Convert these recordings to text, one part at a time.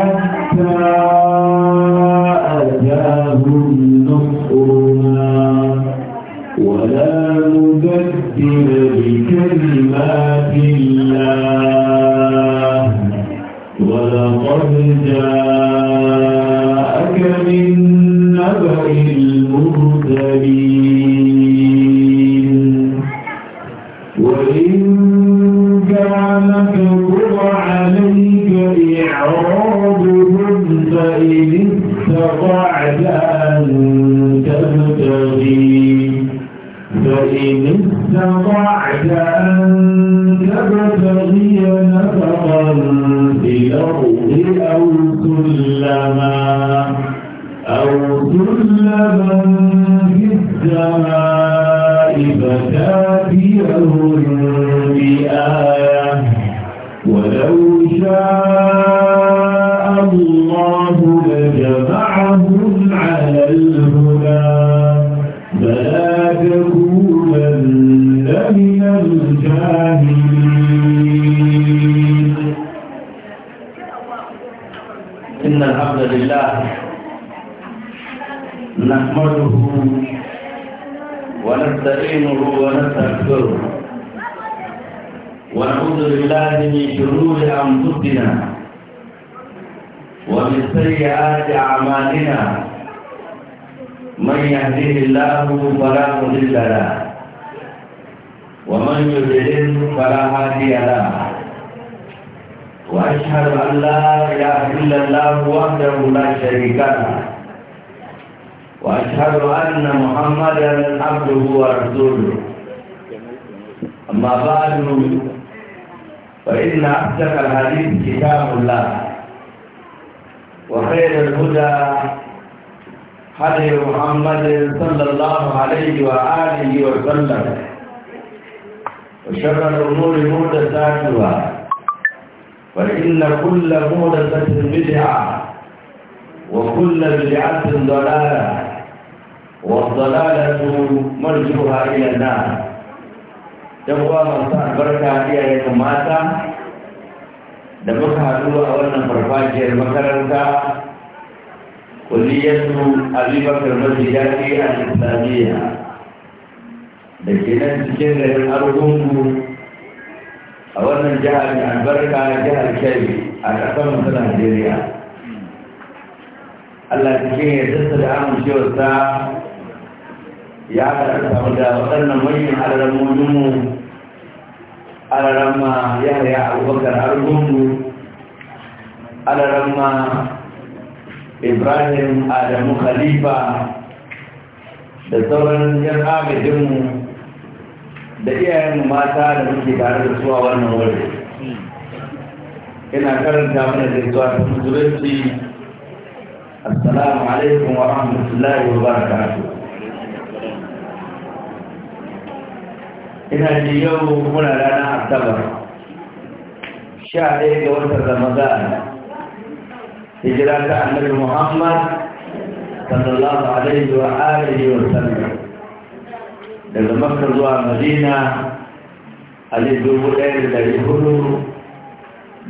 حتى أتاهم نصرنا ولا مبدل لكلمات فإن أصدق الحديث كتاب الله وخير الهدى هدي محمد صلى الله عليه وآله وسلم وشر الأمور مهدساتها فإن كل مهدسة بدعة وكل بدعة ضلالة والضلالة مرجوها إلى النار yan kuwa masu albarka iyaye da mata da muka haɗu a wannan farfajiyar makaranta kulliyatu abubakar masjidati a islamiyya da ke nan cikin garin argungu a wannan jihar albarka jihar kyari a ƙasar masu najeriya allah cikin yardarsa da amincewarsa ya haɗa samu da waɗannan manyan alamominmu alarama yahaya abubakar argungu alarama ibrahim adamu khalifa da sauran yan agajinmu da iyayen mata da muke tare da suwa wannan wuri ina karanta mana da zuwa ta musulunci assalamu alaikum wa rahmatullahi wa barakatuh ina ji yau muna ranar asabar sha ɗaya ga watan ramadan hijira ta annabi muhammad sallallahu alaihi wa alihi wa sallam daga makka zuwa madina a dubu ɗaya da dari hudu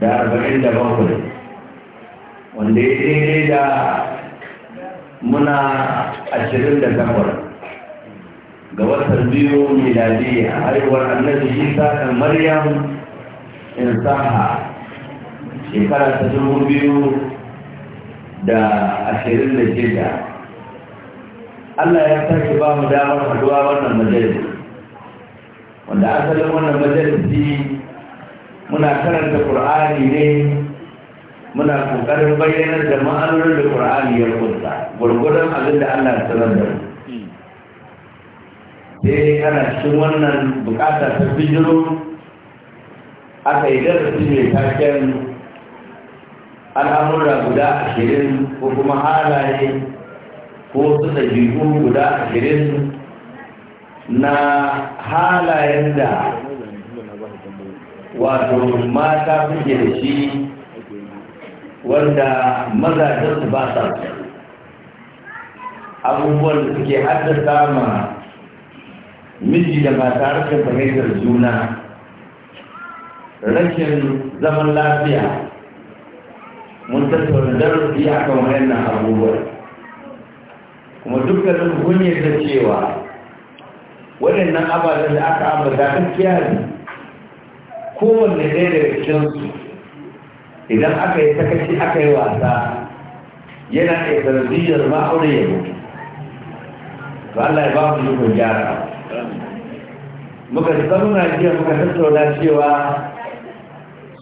da arba'in da bakwai wanda ya daidai da muna ashirin da takwas ga watan biyu miladiya haihuwar annabi isa da maryam insaha shekara ta dubu biyu da ashirin da shida allah ya sake ba mu damar haduwa wannan majalis wanda asalin wannan majalisi muna karanta ƙur'ani ne muna ƙoƙarin bayyanar da ma'anonin da ƙur'ani ya kunsa gwargwadon abin da allah ya sanar da mu sai eh, ana cikin wannan bukata ta bijiro aka yi darasi mai taken al'amura guda ashirin ko kuma halaye ko su ɗabi'u guda ashirin na halayen da wato mata suke da shi wanda mazajen su ba sa abubuwan da suke haddasa ma miji da mata rashin fahimtar juna rashin zaman lafiya mun tattauna darasi a kan wayannan abubuwan kuma dukkanin kun da cewa waɗannan ababen da aka ambata gaskiya ne kowanne ɗaya daga su, idan aka yi sakaci aka yi wasa yana da sanadiyar ma'aure ya mutu ba Allah ya ba mu yi gyara muka zauna jiya muka tattauna cewa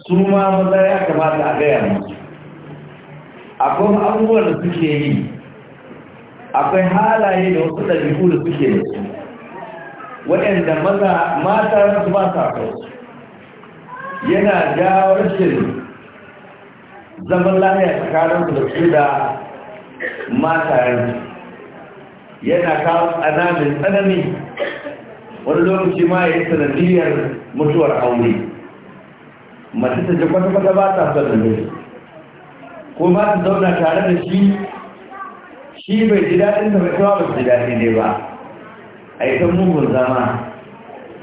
su ma maza ya kamata a gaya mu akwai abubuwan da suke yi akwai halaye da wasu ɗabi'u da suke da su waɗanda maza mata su ba sa yana jawo rashin zaman lafiya tsakaninsu da su da mata yana kawo tsananin tsanani wani lokaci ma ya yi sanadiyar mutuwar aure mace ta ji kwata-kwata ba ta son da ko ba ta zauna tare da shi shi bai ji daɗin ta mutuwa ba su ji daɗi ne ba a yi kan mugun zama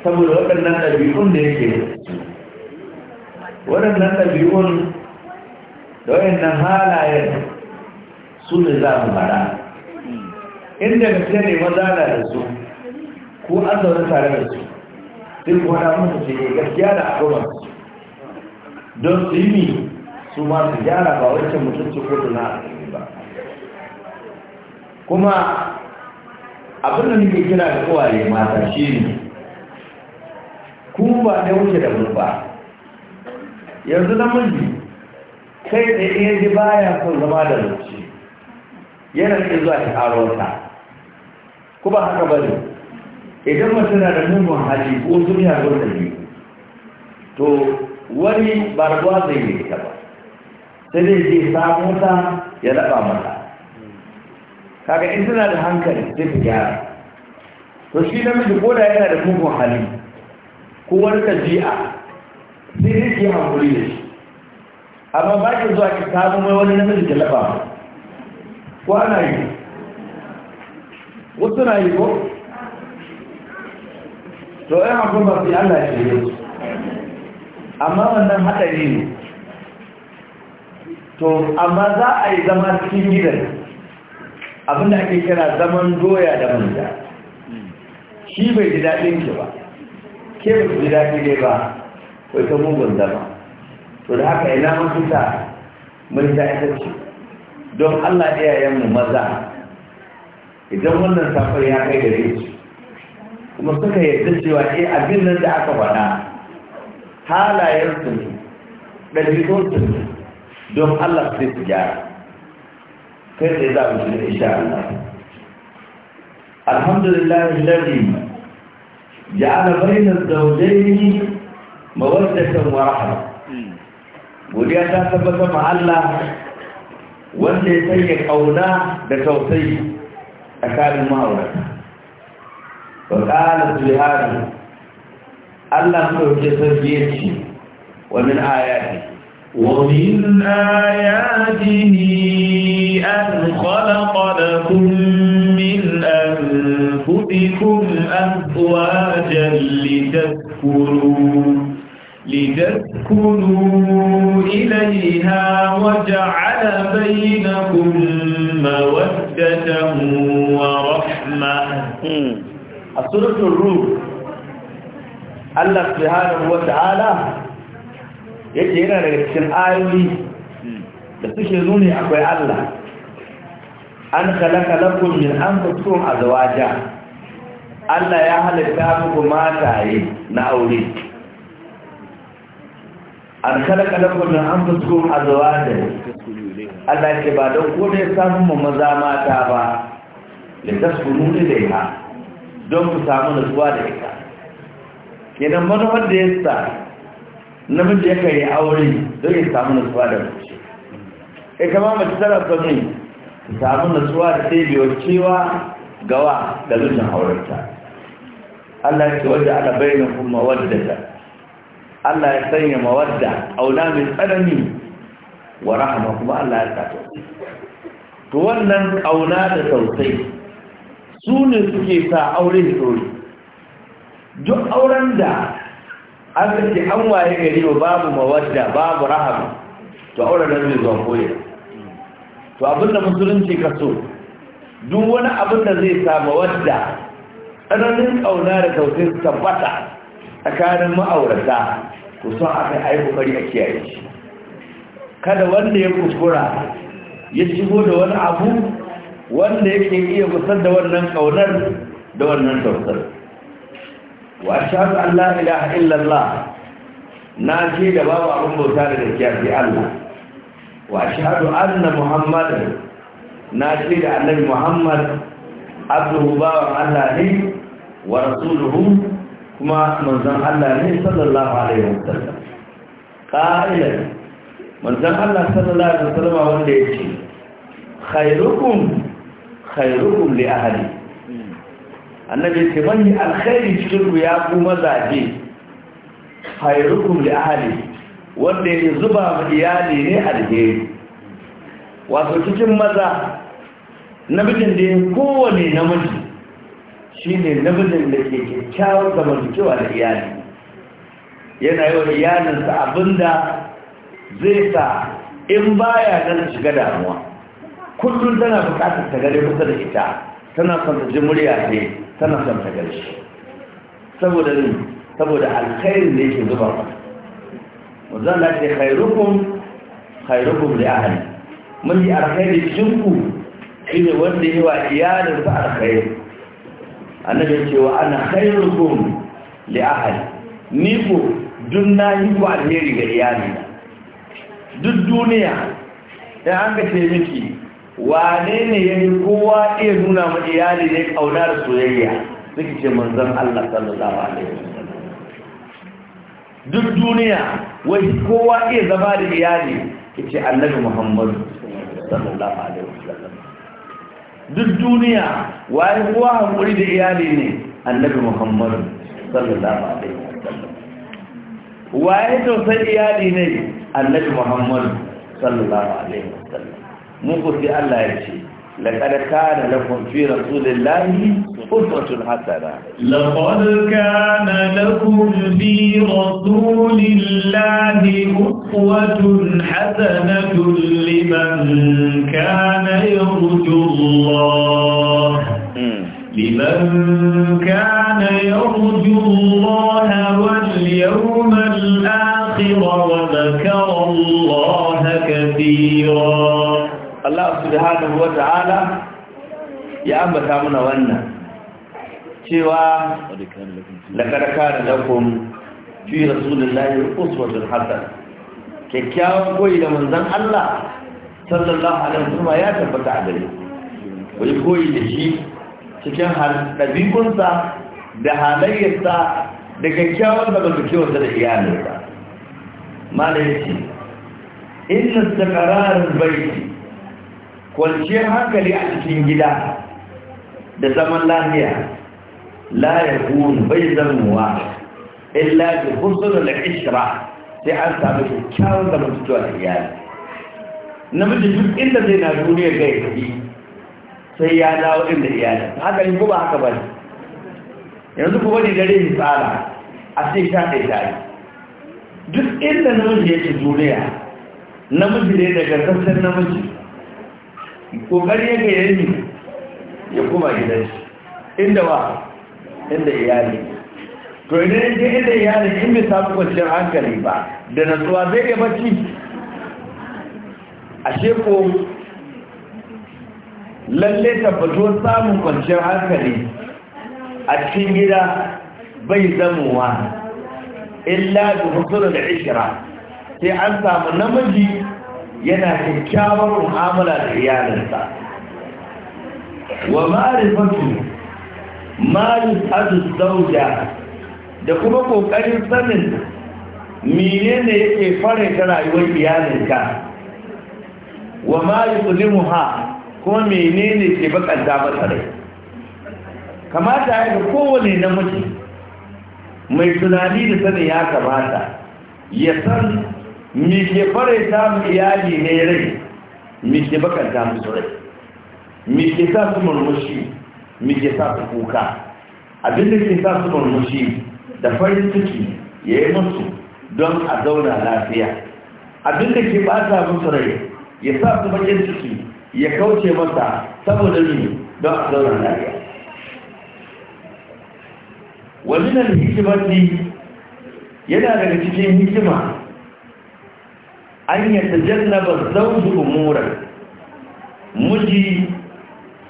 saboda waɗannan ɗabi'un da yake waɗannan ɗabi'un da waɗannan halayen su ne za mu fara. inda mace ne maza na da su ko an zaune tare da su sai ku wada musu ce eh, gaskiya da abubuwan don su yi su ma su gyara ba wancan mutunci ko na ba kuma abin da nake kira da kowaye mata shi ne ku ba ne wuce da ba yanzu na mulki kai da iya ji baya son zama da zuci yana iya zuwa ta aro ta kuma haka bane idan mutum na da mugun haji ko duniya ko tafi to wani barbuwa zai yi ta ba sai dai zai samu ta ya raba mata kaga in suna da hankali zai fi gyara to shi namiji ko da yana da mugun hali ko wani tafiya sai dai ke hankali da shi amma ba ki zuwa ki samu mai wani namiji ta raba ko ana yi wasu na yi ko to ɗan kuma mafi Allah shirye amma wannan haɗari ne to amma za a yi zama cikin gidan abinda ake kira zaman doya da manja shi bai ji daɗin ki ba ke bai ji daɗi ne ba ta mugun zama to da haka ina mafita mun ta ita ce don Allah mu maza idan wannan safar ya kai gare su kuma suka yadda cewa ke eh, abin nan da aka halayen su ne ɗabi'unsu ne don Allah sai su gyara kai tsaye za mu shirin isha Allah alhamdulillah alladhi ja'ala bayna az-zawjayn mawaddatan wa rahma godiya ta tabbata ma Allah wanda ya sanya kauna da tausayi tsakanin ma'aurata وقال سبحانه الله سوكي سبيتي ومن آياته ومن آياته أن خلق لكم من أنفسكم أزواجا لتسكنوا لتسكنوا إليها وجعل بينكم مودة ورحمة a suratun ruh Allah subhanahu wa ta'ala yake yana daga cikin ayoyi da suke nuni akwai Allah an kalaka lakum min anfusikum azwaja Allah ya halitta muku mataye na aure an kalaka lakum min anfusikum azwaja Allah ke ba don ko da samu maza mata ba da tasfuru da ha don ku samu nutsuwa da ita kenan manufar da ya sa namiji ya kai aure don ya samu nutsuwa da mace ita kama mace tara son ne ta samu nutsuwa da ɗebewar cewa gawa da zucin aurenta Allah ya ce wadda ana bayyana kuma wadda ta Allah ya sanya mawadda auna mai tsanani wa rahama kuma Allah ya sa to wannan auna da sautai su ne suke sa aure da dori duk auren da aka ce an waye gari babu mawadda babu rahama to auren da zai zo koya to abinda musulunci ka so duk wani abin da zai sa mawadda tsananin ƙauna da tausayin su tabbata tsakanin ma'aurata ku son aka yi kokari a kiyaye kada wanda ya kuskura ya shigo da wani abu wanda yake iya gusar da wannan ƙaunar da wannan tausar wa ashhadu an la ilaha illallah na ce da babu abin bauta da gaskiya sai Allah wa ashhadu anna Muhammad na ce da annabi muhammad abduhu bawan Allah ne wa rasuluhu kuma manzan Allah ne sallallahu alaihi wa wasallam qa'ilan manzan Allah sallallahu alaihi wa wasallam wanda ya yake khairukum khairukum li ahli annabi ce Alkairi alkhairi cikin ku ya ku mazaje khairukum li ahli wanda ya zuba ma iyali ne alheri wato cikin maza namijin da kowane namiji shine ne namijin da ke kyakkyawar zamantakewa da iyali yana yi wa iyalinsa abinda zai sa in baya nan shiga damuwa kullum tana bukatar ta gare kusa da ita tana son ta ji murya ce tana son ta gare shi saboda ne saboda alkhairin da yake zuba mata wanzan da ke khairukum khairukum da ahali mun yi alkhairi cikin ku shine wanda yi wa iyalin sa alkhairi annabi ce wa ana khairukum li ahali ni ku dun na yi ku alheri ga iyalina duk duniya da an ga ce miki wane ne ya yi kowa iya nuna ma iyali ne kauna da soyayya suke ce manzan Allah sallallahu alaihi wasallam duk duniya wai kowa iya zama da iyali yace annabi Muhammad sallallahu alaihi wasallam duk duniya wai kowa hankuri da iyali ne annabi Muhammad sallallahu alaihi wasallam waye to sai iyali ne annabi Muhammad sallallahu alaihi wasallam mu ku sai Allah لقد كان لكم في رسول الله أسوة حسنة لقد كان لكم في رسول الله أسوة حسنة لمن كان يرجو الله لمن كان يرجو الله واليوم الآخر وذكر الله كثيرا Allah subhanahu wa ta'ala ya ambata muna wannan cewa laqad kana lakum fi rasulillahi uswatun hasana kyakkyawan koyi da manzon Allah sallallahu alaihi wasallam ya tabbata a gare ku koyi da shi cikin ɗabi'unsa da halayyarsa da kyakkyawan da ba kewarsa da iyalinsa malayi ce inna sakarar baiti kwanciyar hankali a cikin gida da zaman lafiya la ya kun bai zanuwa illa da hursunan da ishira sai an samu kyakkyawan zama fitowa da iyali namiji duk inda zai na duniyar ga ya sai ya dawo inda iyali haka yi ba haka ba yanzu kuma ne dare ya tsara a sai sha ɗaya tare duk inda namiji ya ci duniya namiji ne daga sassan namiji kokari yake yayi ya kuma gidan shi inda ba inda iyali to idan yake inda iyali in bai samu kwanciyar hankali ba da nasuwa zai ga bacci A sheko lalle tabbato samun kwanciyar hankali a cikin gida bai zamowa illa da hukunar da ishira sai an samu namiji yana kyakkyawar mu'amala da iyalinsa wa ma'arifatu ma'arifatu zauja da kuma kokarin sanin menene yake fara ta rayuwar iyalinka wa ma'arifatu kuma menene ke bakanta masa kamata ya ga kowane namiji mai tunani da sanin ya kamata ya san mi ke ta iyali ne rai mi ke bakanta musu rai mi ke sa su murmushi mi ke sa su kuka abin da ke sa su murmushi da farin ciki ya yi musu don a zauna lafiya abin da ke bata musu rai ya sa su bakin ciki ya kauce masa saboda ni don a zauna lafiya wani nan hikimar yana daga cikin hikima an ta tajannaba zauju umuran muji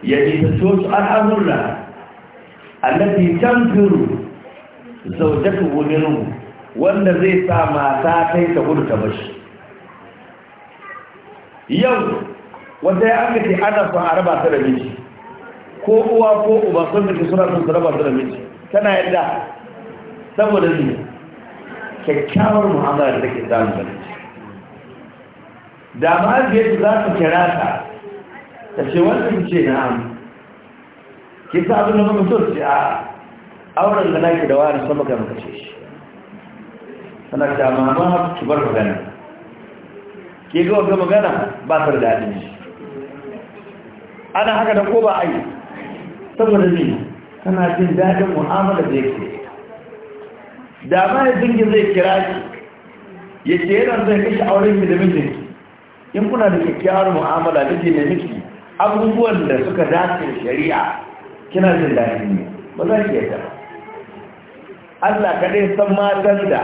ya ta wasu al'amurra a allafi tamfiru zaujatu minhu wanda zai sa mata ta ta gudu ta bashi yau wata ya aka ce ana son a raba ta da miji ko uwa ko uba sun da ke suna sun su raba ta da miji tana yadda saboda ne kyakkyawar mu'amala da ke damu da miji da ma mahaifiyarsu za su kira ta ta ce wannan ce na amu ki sa abin da kuma so ce a auren da naki da wani sama ga shi. Sanar shi sana ta mama ki bar magana ki ga wata magana ba ta da daɗin shi ana haka da ko ba ai saboda ne kana jin dadin mu'amala da yake da ma ki zai kira ki ya ce yana zai kashe auren da mijinki in kuna da kyakkyawar mu'amala da ke miki abubuwan da suka dace shari'a kina jin daɗi ne ba za ki yadda Allah kaɗai san matan da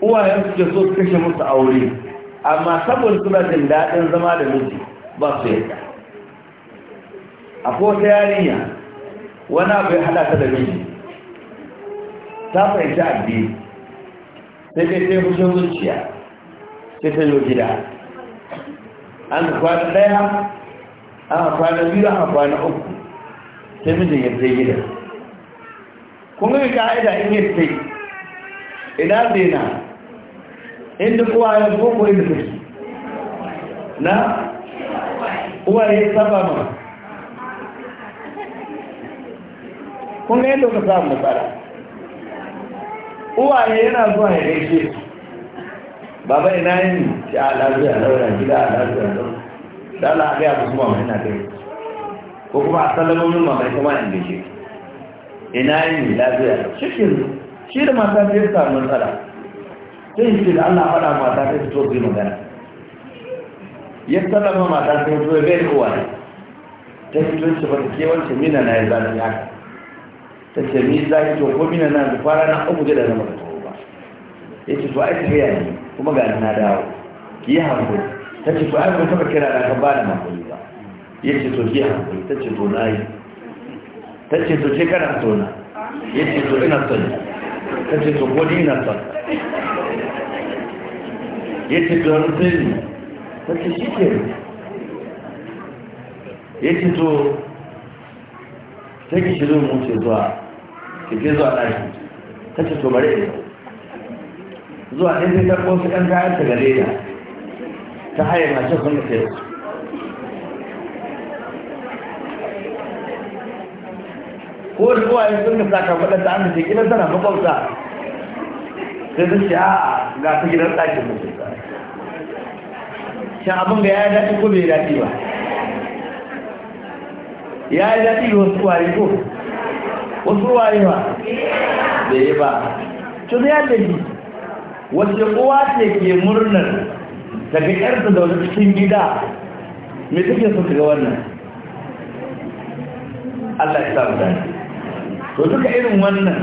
uwayen ke so su kashe musu aure amma saboda suna jin daɗin zama da miji ba su yadda A ko ta yarinya wani abu ya haɗa ta da miji ta fahimci addini sai dai sai fushin zuciya sai ta zo gida an kwana daya an kwana biyu an kwana uku sai mijin ya zai gida kun yi ka'ida in yi sai ina zai na inda kuwa ya koko inda kashi na kuwa ya saba ma kun yi yadda ka samu matsala uwaye yana zuwa ya gaishe su baba ina yi ci a lafiya laura gida a lafiya laura da Allah a gaya ma mai na kai ko kuma a salamomin mamaye kuma in da shi ina yi lafiya cikin shi da mata ta yi samun matsala sai shi da Allah faɗa mata ta fito su yi magana ya salama mata ta fito ya bai da kowa ta fito shi ba ta kewance mina na ya zanen haka ta ce ni za ki to ko mina na da fara na abu da na maka ba ya ce to ai ta yi kuma ga na dawo ki yi hankali ta ce to ai mun kira da ka bada hankali ba ya ce to ki hankali ta ce to na yi ta ce to ce kana so na ya ce to ina son ta ce to ko ni ina son ya ce to wani sai ni ta ce shi ke ya ce to sai ki shirin mu ce zuwa ki ke zuwa ɗaki ta ce to bari ne zuwa inda ta ƙosu ɗan kayan ta gare ta ta hayar masu kuma ta yau. ko da kowa ya sun kasa kan faɗa ta amince gina tana makwabta sai sun ce a'a ga ta gidan ɗakin ta shan abin da ya yi daɗi ko bai daɗi ba ya yi daɗi ga wasu wari ko wasu wari ba da yi ba tun ya dalili wace uwa ce ke murnar daga yarsa da wani cikin gida me suke so ga wannan Allah ya samu dani to duka irin wannan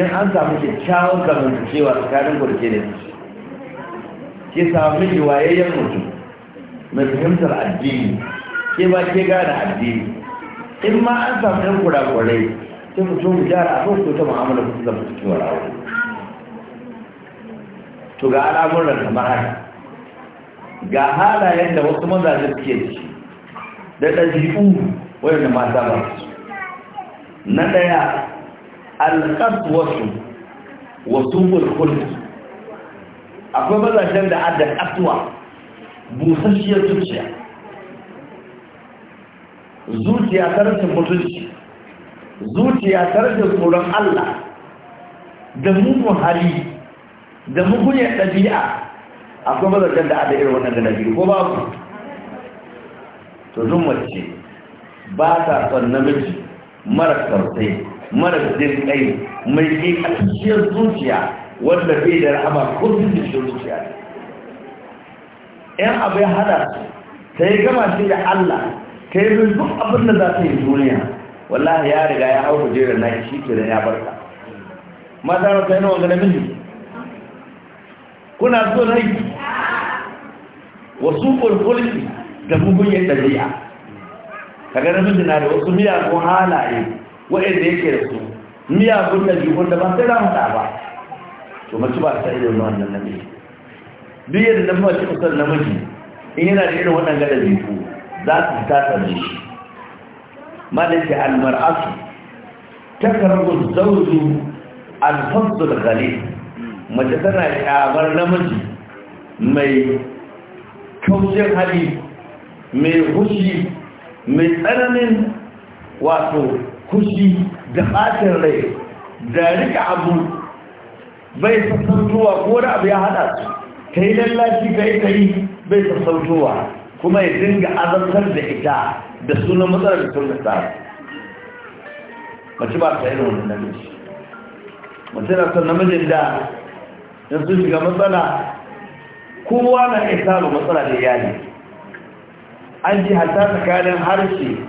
in an samu kyakkyawan cewa tsakanin kurke ne su, ke samu miji wayayyen mutum mai fahimtar addini ke ba ke gane addini in ma an samu ɗan kurakurai sai mutum gyara a kan ta mu'amala kusa wani abu to ga al'amuran kamar haka ga halayen da wasu mazaje suke da shi da ɗabi'u wanda mata ba su na ɗaya alƙaswasu wasu bulkul akwai mazajen da adda ƙasuwa busasshiyar zuciya zuciya ta rashin mutunci zuciya ta rashin tsoron allah da mugun hali da mugunyar ɗabi'a akwai mazartar da ada irin wannan da ɗabi'u ko ku? to zun mace ba ta son namiji mara sautai mara jin kai mai ƙiƙashiyar zuciya wanda bai da rahama ko zuciyar zuciya ɗan abin hada su, ta yi gama shi da allah ta yi bin duk abin da za ta yi duniya wallahi ya riga ya hau kujerar na shi ke da ya barka mata rasa yana wanga namiji kuna so rai wasu kulkulki da mugunyar ɗabi'a kaga namiji na da wasu miyagun halaye waɗanda yake da su miyagun ɗabi'un da ba sai za mu ba to mace ba ta irin wannan namiji duk yadda na mace kusan namiji in yana da irin waɗanda ɗabi'u za su fita tsarin shi malaka almar'atu takarru zawju al-fadl ghalib mace tana ƙyamar namiji mai kaushin hali mai hushi mai tsananin wato hushi da ɓatin rai da rika abu bai sassautowa ko da abu ya haɗa su ta yi lallashi ka yi ta yi bai sassautowa kuma ya dinga azantar da ita da sunan matsalar da sun da mace ba ta yi na wani namiji mace na son namijin da Yanzu sun shiga matsala kowa na iya samun matsala da iyali an ji hatta tsakanin harshe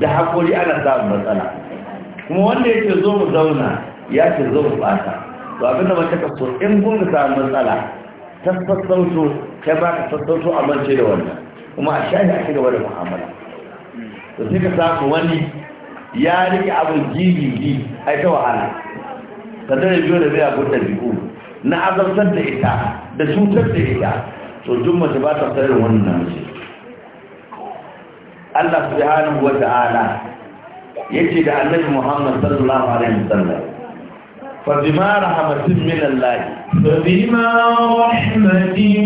da haƙori ana samun matsala kuma wanda ya ce zo mu zauna ya ce zo mu ɓata to abin da mace kaso in kun samu matsala ta sassauto kai ba ka sassauto mance da wannan kuma a shahi a ci gaba da mu'amala to sai ka samu wani ya rike abin jibi ji ai wahala ka zai biyo da zai abu da biyu na azabtar da ita da cutar da ita to duk mace ba ta tsayar wannan namiji Allah subhanahu wa ta'ala yace da Annabi Muhammad sallallahu alaihi wasallam fa bima rahmatin min Allah فبما رحمة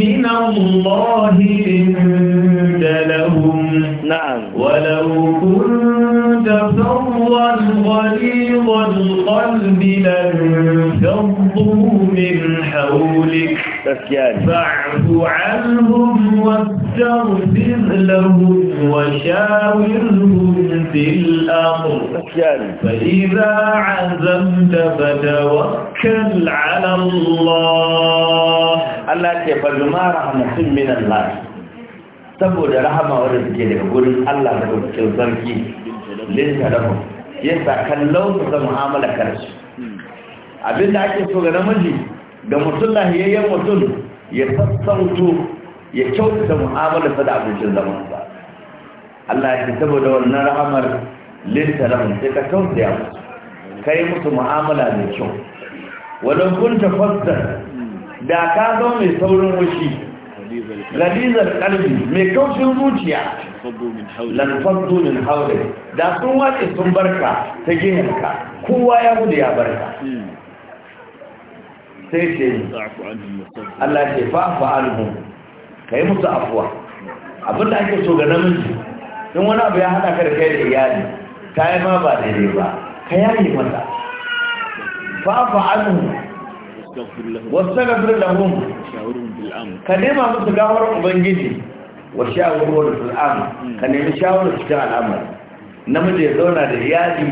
من الله إنت لهم نعم ولو كنت فضلا غليظ القلب لانفضوا من حولك فاعف عنهم واستغفر لهم وشاورهم في الأمر فإذا عزمت فتوكل على على Allah الله تفضل ما رحمة min Allah saboda rahama wanda suke daga gurin Allah da cikin sarki linta da yasa kallon su da mu'amala karshe abinda ake so ga namiji ga mutum lahiyayyen mutum ya sassauto ya kyautata mu'amala sa da abincin zaman sa Allah ya ce saboda wannan rahamar linta da sai ka kyautata musu kai musu mu'amala mai kyau wadon kunta fasdar da ka zo mai saurin wushi galizar kalbi mai kaushin zuciya lanfaddu min haure da sun wace sun barka ta gihinka kowa ya gudu ya barka sai ce Allah ce fa'afa alhum ka yi musu afuwa abinda ake so ga namiji in wani abu ya haɗa ka da kai da iyali ta yi ma ba daidai ba ka yayi mata fafa anhu wastaghfir lahum ka nema musu gafar ubangiji wa da fil'am ka nemi shawarar cikin al'amari namiji ya zauna da iyali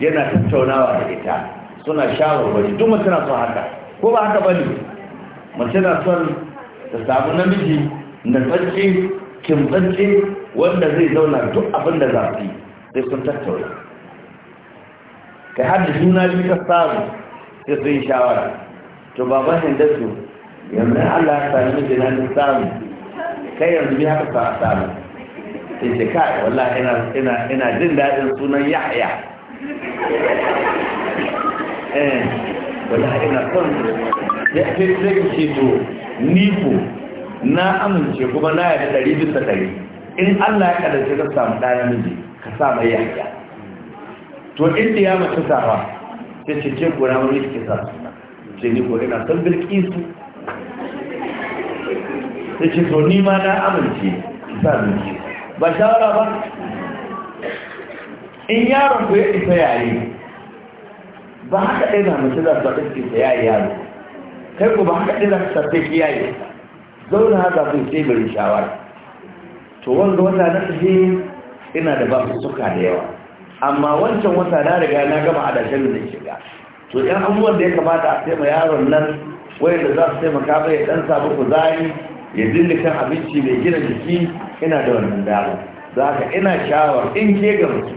yana tattaunawa da ita suna shawarwari duk mace son haka ko ba haka bane ne? na son ta samu namiji na tsacce kimtsacce wanda zai zauna duk abin da sai sun tattauna kai har da juna biyu ta samu sai sun shawara to baban hindatu yanzu Allah ya sami miji na samu kai yanzu bi haka ta samu sai ce kai wallahi ina ina ina jin daɗin sunan Yahya eh wallahi ina son ya fi zai ce to ni ko na amince kuma na yarda ɗari bisa ɗari in Allah ya kadace ka samu ɗaya miji ka sa mai Yahya to in da ya mace safa ta ce ce wani mai ke sa ce ni gora na san bilkisu ta ce to ni ma na amince ki sa bilkisu ba shawara ba in yaron ku ya isa yayi ba haka ɗaya na mace za su ba ta isa yayi yaro kai ku ba haka ɗaya na su sarfe ki yayi zaune haka kun teburin shawara to wanda wata na tafi ina da ba su suka da yawa amma wancan wata na riga na gama adashin da shiga to yan abubuwan da ya kamata a taimaka yaron nan wayanda za su taimaka ya dan samu kuzari ya dinga kan abinci mai gina jiki ina da wannan dama za ka ina shawar in ke ga mutu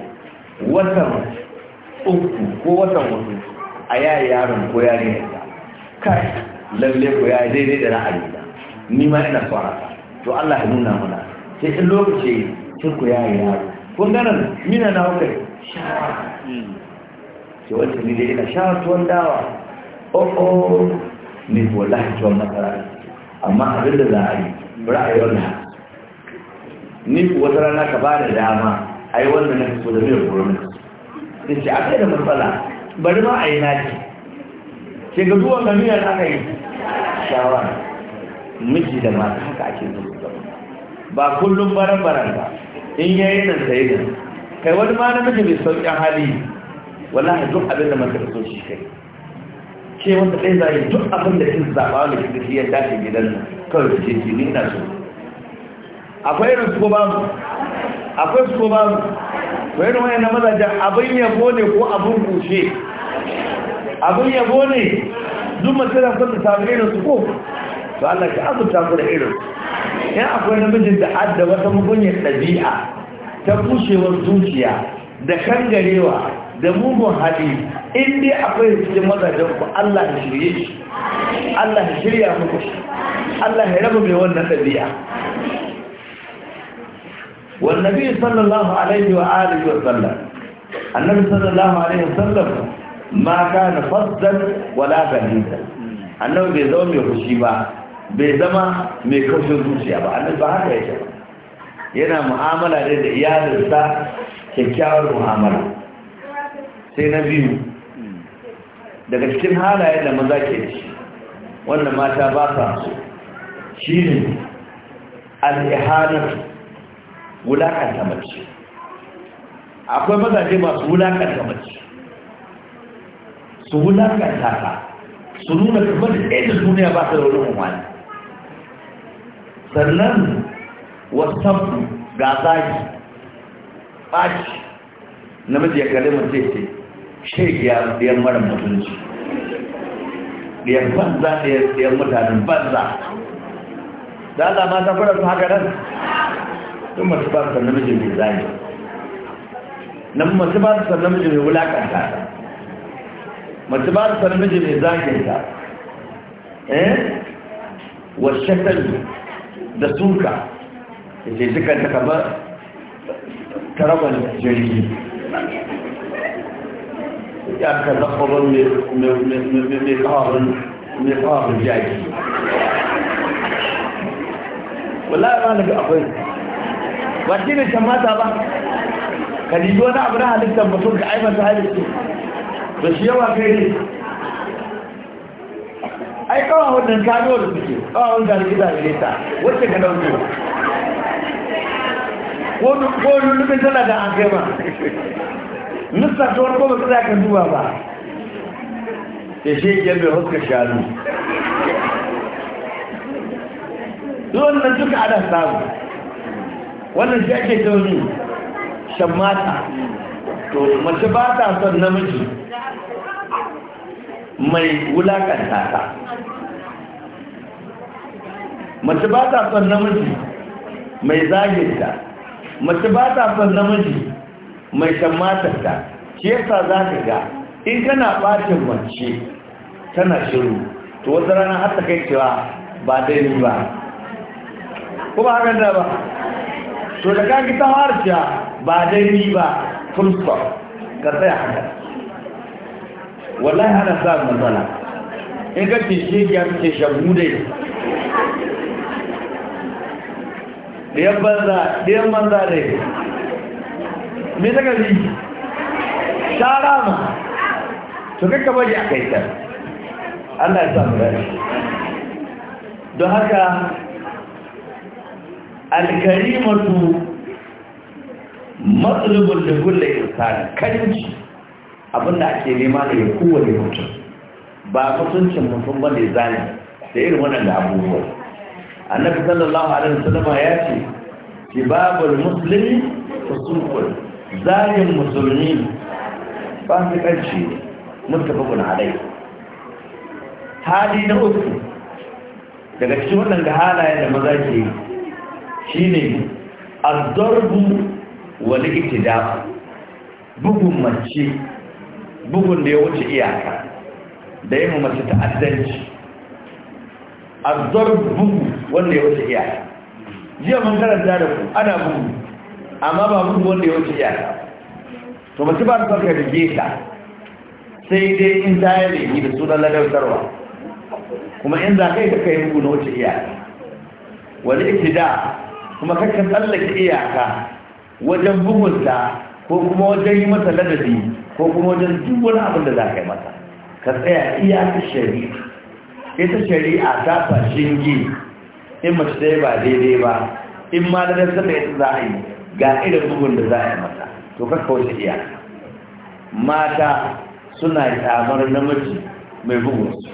watan uku ko watan wasu a yayi yaron ko yari ya kai lalle ko yayi daidai da ra'ayi na ni ma ina fara to Allah ya nuna mana sai in lokaci sai ku yayi yaro kun ganin mina na hukai ce wata ni dai ina sha tuwon dawa ne ko lahi tuwon masara amma abin da za a yi bura a yi wannan ni ko wata rana ka ba da dama a yi wannan na so da mai gurin da ce akai da matsala bari ma a yi naci. ce ga duwan gamiyar aka yi Shawa, miji da mata haka ake zuwa ba kullum baran-baran ba in yayin nan sai nan kai wani ma namiji mai sauƙin hali wallahi duk abin da maka so shi kai ke wanda ɗaya zai duk abin da kin zaɓa da kin ya dace gidan nan kawai da ce ni ina so akwai irin su ko babu akwai su ko babu ko irin wani na mazajen abin yabo ne ko abin kushe abin yabo ne duk mace da son ta samu irin su ko to Allah ka azurta ku da irin Yan akwai namijin da adda wata mugunyar ɗabi'a ta bushewar zuciya da kangarewa da mugun hali in akwai cikin mazajen ku Allah ya shirye shi Allah ya shirya muku shi Allah ya raba mai wannan dabi'a wal nabi sallallahu alaihi wa alihi wa sallam annabi sallallahu alaihi wa sallam ma kana fasdan wala ghalida annabi bai zama mai fushi ba bai zama mai kaushin zuciya ba annabi ba haka yake ba yana mu'amala ne da iyalinsa kyakkyawar mu'amala sai na biyu daga cikin halayen da maza ke ci wanda mata ba sa so shi ne al'ihanar wulakanta mace akwai mazaje masu wulakanta mace su wulakanta ka? su nuna kamar da ɗaya da duniya ba ta da wani umarni sannan wasabu ga zaki ɓaci namiji ya kalli mace ce shekiya ɗayan mara mutunci ɗayan banza ɗayan mutanen banza da Allah ma ta fara su haka nan sun masu ba su namiji mai zaki nan masu ba su namiji mai wulakanta masu ba su namiji mai ta eh wasu shakali da suka ce duka ta kamar karaban jirgi ya ka zaɓaɓar mai ƙawarin jaki wala ya ma daga akwai ba shi ne mata ba ka niji wani abu na halittar mutum da aibata halittu da shi yawa kai ne ai kawahun nan kano da suke kawahun da gida da ta wacce ka dauke ko lullubin tana da an kai ma nusa ta wani kuma za kan duba ba da shi ke mai huska shanu zuwan nan duka ana samu wannan shi ake tauni shan mata to mace ba ta son namiji mai wulakanta ta mace ba ta son namiji mai zagin ta. mace ba ta son namiji mai shammatar ta shi yasa za ka ga in kana ɓacin mace tana shiru to wata rana har kai cewa ba ni ba ko ba hakan da ba to da kaki ta fara cewa ba ni ba full stop ka tsaya haka wallahi ana sa matsala in ka ce shi ya ce shagu dai ɗayan banza ɗayan banza ne me ta gari shara ma to kakka bari a kai ta Allah ya samu rari don haka alkarimatu matsalubun da gulle insani karinci abinda ake nema da ya kowane mutum ba mutuncin mutum ba ne zane da irin wannan da abubuwa annabi sallallahu alaihi wasallam ya ce kibabul muslimi fusuqul zalim musulmi fasikanci muttafaqun alai hali na uku daga cikin waɗanda halaye da maza ke shi ne wa wani bugun mace bugun da ya wuce iyaka da yi mace ta'addanci azzar bugu wanda ya wuce iyaka jiya mun karanta da ku ana bugu amma ba bugu wanda ya wuce iyaka to mace ba ta ka rige ta sai dai in ta yi ne da sunan ladautarwa kuma in za ka yi ka kai bugu na wuce iyaka wani ibtida kuma kakka tsallake iyaka wajen bugunta ko kuma wajen yi masa ladabi ko kuma wajen duk wani abin da za ka yi masa ka tsaya iyakar shari'a ita shari'a ta fashin gi in mace ta yi ba daidai ba in ma da sama ita za a yi ga irin bugun da za a yi mata to kakka wata iya mata suna tamar namiji mai bugun su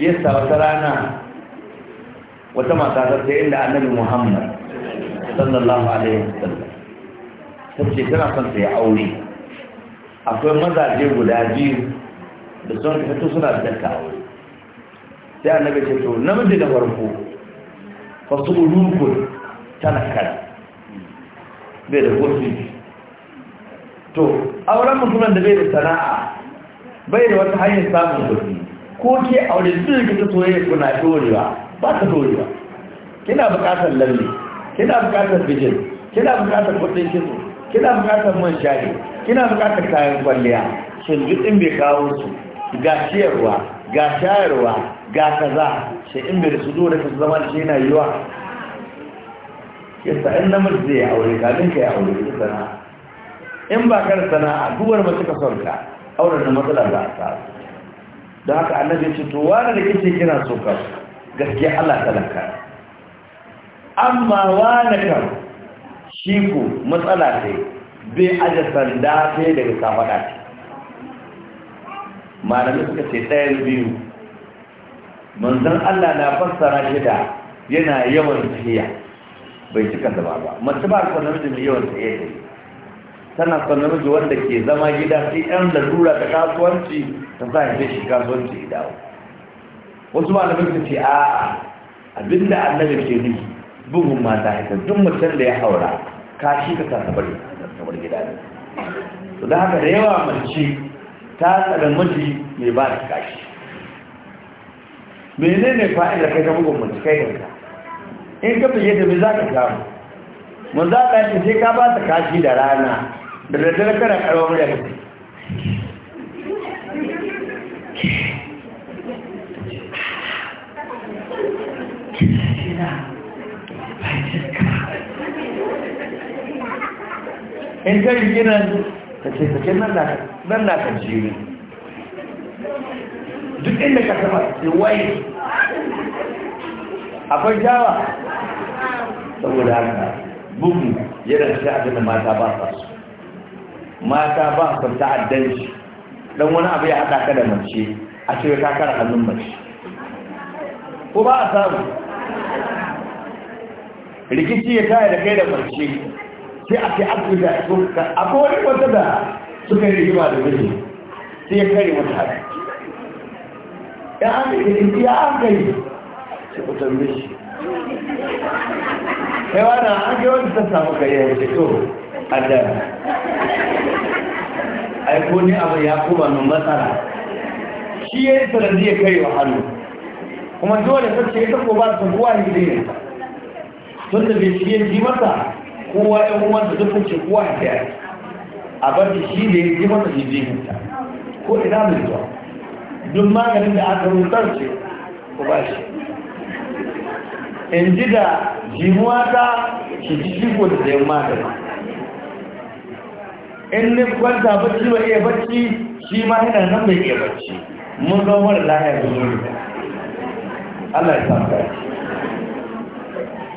yasa wata rana wata mata ta sai inda annabi muhammad sallallahu alaihi wasallam ta ce tana son ta yi aure akwai mazaje guda biyu da sun fito suna da ta aure sai annabi ce to namiji da farko fasu ulukun tanakkal bai da kotu to auren mutumin da bai da sana'a bai da wata hanyar samun kuɗi ko ke aure duk da ta soyayya kuna dorewa ba ta dorewa kina buƙatar lalle kina buƙatar bijin kina buƙatar kudin kitso kina buƙatar man shayi kina buƙatar kayan kwalliya shin duk in bai kawo su ga ciyarwa ga shayarwa ga kaza sai in bai da su dole ka zama da shi yana yiwa yasa in mutu ya aure ka din ka ya aure ka sana in ba ka da sana'a duwar mace ka son ka auren da matsala za a samu don haka annabi ce to wani da kike kina so ka gaskiya Allah talaka amma wani kan shi ku matsala sai bai aje sanda sai daga kafaɗa ce malamai suka ce ɗayan biyu manzon Allah na fassara shi da yana yawan tafiya bai cika zama ba mace ba son namiji mai yawan tafiya yi tana son namiji wanda ke zama gida sai ɗan lalura ta kasuwanci ta sa shi shi kasuwanci ya dawo wasu malamai suka ce a'a abinda annabi ke nufi bugun mata haka duk mutum da ya haura shi ka sa sabar gida ne to da haka da yawa mace ta tsara miji mai ba da kashi menene fa'ida kai ta mugun kai ɗanka in ka fiye da mai za ka samu mun za ka ce ka ba ta kashi da rana da daddare kana karwa da kai in ka yi gina ta ce ta ce nan da nan na kan jiri duk inda ka sama riwai akwai jawa saboda haka bugu yana cikin abin da mata ba sa su mata ba su ta'addanci don wani abu ya haɗa ka da mace a ce ka kara hannun mace ko ba a samu rikici ya kaya da kai da mace sai a ke ce da a cikin ka akwai wani wata da suka yi rigima da miji sai ya kare mutane ya an da ya an kai sai ku tambaye shi an kai wani ta samu kare ya wuce to adda ai ko ne abu ya kuma nun matsara shi ya yi sarari ya kare wa hannu kuma dole sarki ya ko ba ta buwa hidin tun da bai shi ya ji mata kowa ɗan uwansa dukkan kuce kowa ya kai a barci shi ne ya masa injininta ko ina mai zuwa duk maganin da aka rutar ce ko ba shi in ji da jimuwa ta shi ji shi ko da sayan magani in ni kwanta bacci ba iya bacci shi ma yana nan bai iya bacci mun zama mara lahiyar da zuri Allah ya samu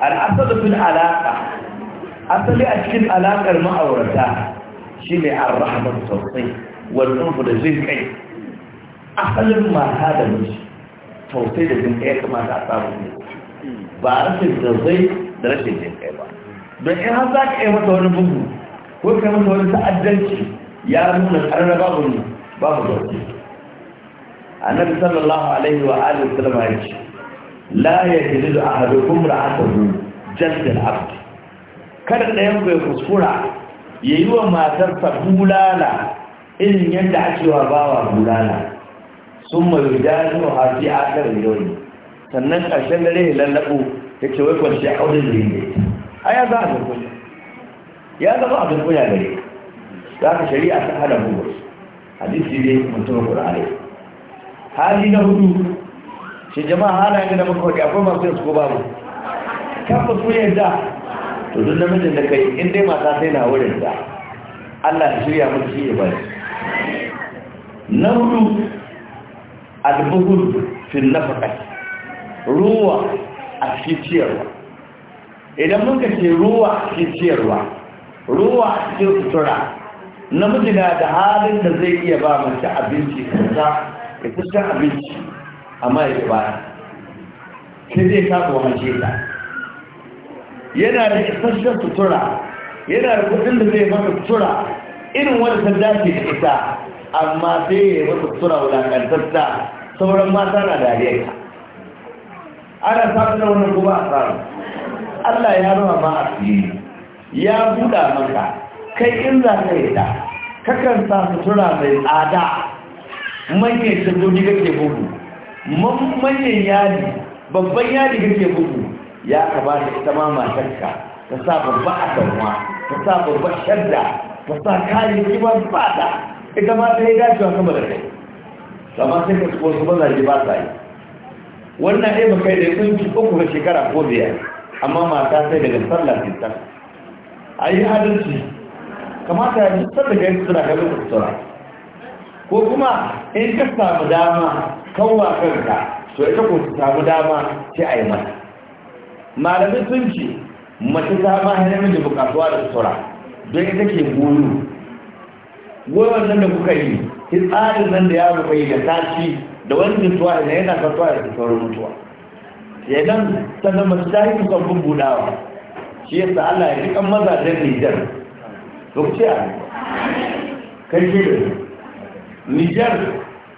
al'asar da fil alaƙa asali a cikin alaƙar ma'aurata shi ne arrahman tausayi wannan ku da jin kai asalin mata da miji tausayi da jin kai ya kamata a samu ne ba a rashin tausayi da rashin jin kai ba don in har za ka yi mata wani bugu ko ka mata wani ta'addanci ya nuna karnar babu ne babu tausayi annabi sallallahu alaihi wa alihi wasallam ya ce la yajidu ahadukum ra'atahu jaldal abd kada ɗayan ku ya kuskura ya yi wa matarsa bulala irin yadda ake wa bawa bulala sun mai dajin hafi a kan yau sannan ƙarshen dare ya lallaɓo ya ce wai kwanci a aure da yi a ya za a zarkunya ya zama a zarkunya gare za ka shari'a ta hada buwa hadisi ne mutum qurani hali na hudu shi jama'a halayen da muka kwaɗi akwai masu yansu ko babu kafa ba su yadda to duk namijin da kai in dai mata sai na wurin da Allah ya shirya miki shi ba bari na hudu albuhul fil nafaqat ruwa a cikin ciyarwa idan muka ce ruwa a cikin ciyarwa ruwa a cikin sutura namiji na da halin da zai iya ba mace abinci kasa ya fuskar abinci amma ya ba sai zai kasa wahalce ta yana da isasshen sutura yana da kudin da zai masa sutura irin wanda ta dace da ita amma sai ya yi masa sutura wulaƙantarta sauran mata na dariya ana samun da wani kuma a samu Allah ya nuna ma fiye ya buɗa maka kai in za ka yi ta kakan sa sutura mai tsada manyan shaddodi kake bugu manyan yadi babban yadi kake bugu ya kamata ita ma matarka ta sa babba a damuwa ta sa babba shadda ta sa kayan kiman fada ita ma ta yi dacewa sama da kai sama sai ka tsohon su mazaje ba sa yi wannan ɗaya ba kai da kunci uku na shekara ko biyar amma mata sai daga sallah fita a yi adalci kamata ya ji sallah ga yin suna su kusura ko kuma in ka samu dama kawwa kanka to ita ko samu dama sai a yi mata malamai sun ce mace ta ba hanyar miji bukatuwa da sutura don ita ke goyo goyon nan da kuka yi tsarin nan da yaro bai da tashi da wani mutuwa idan yana kasuwa da sauran mutuwa idan ta zama ta yi kusan bubbudawa shi yasa Allah ya rikan mazajen Nijar lokaci a kai ke da Nijar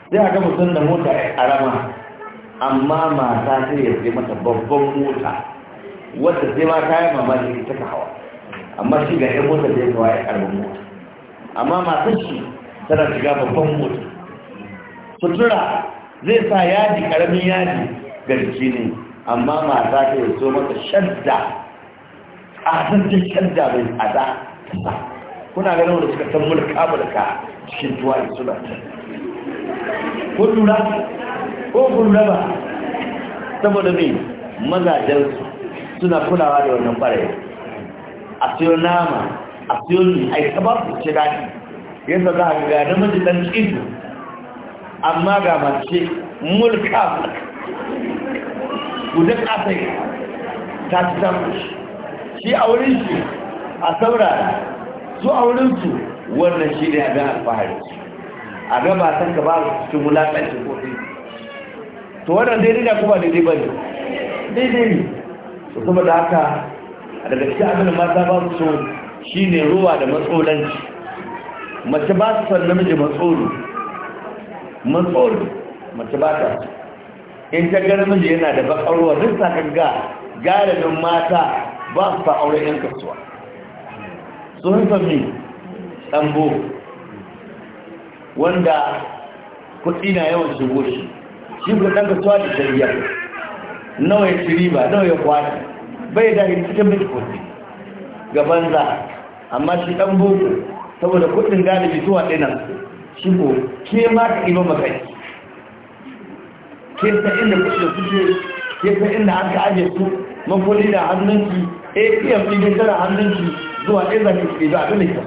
sai a gama sun da mota a rama amma mata sai ya sai mata babban mota wata sai ma kayan mamaki ta ka hawa amma shi ga yan mota zai kawai ya karbin mota amma masu shi tana shiga babban mota sutura zai sa yadi karamin yadi ga ne amma mata ta yi so mata shadda ƙasancin shadda mai tsada kuna ganin wanda suka san mulka mulka cikin tuwa da suna ko lura ko kun raba saboda mai mazajensu suna kulawa da wannan ɓarayi a siyo nama a siyo ni a yi kamar su ce daɗi yadda za a ga namiji cikin ido amma ga mace mulka gudun asai ta ci samu shi a wurin shi a saura su a wurin su wannan shi ne a ga alfahari a ga san ka ba su cikin wulaƙancin kofi to wannan daidai da kuma daidai ba ne daidai ne su kuma da haka daga cikin abin da mata ba su so ne ruwa da matsolanci mace ba su son namiji matsolo matsolo mace ba ta in ta gani miji yana da bakar ruwa duk sakagga galibin mata ba su aure yan kasuwa su hanfa mi tsambo wanda kuɗi na yawan shigo shi shi kuɗin kasuwa da shari'a nawa ya ci riba nawa ya kwata bai da cikin bitcoin ga banza amma shi dan boko saboda kudin galibi zuwa dinan shi ko ke ma ka ibo makai ke ta inda kudin suke ke ta inda aka aje su mafoli da hannunki apm ɗin tara hannunki zuwa ɗin zaki ke zuwa abin da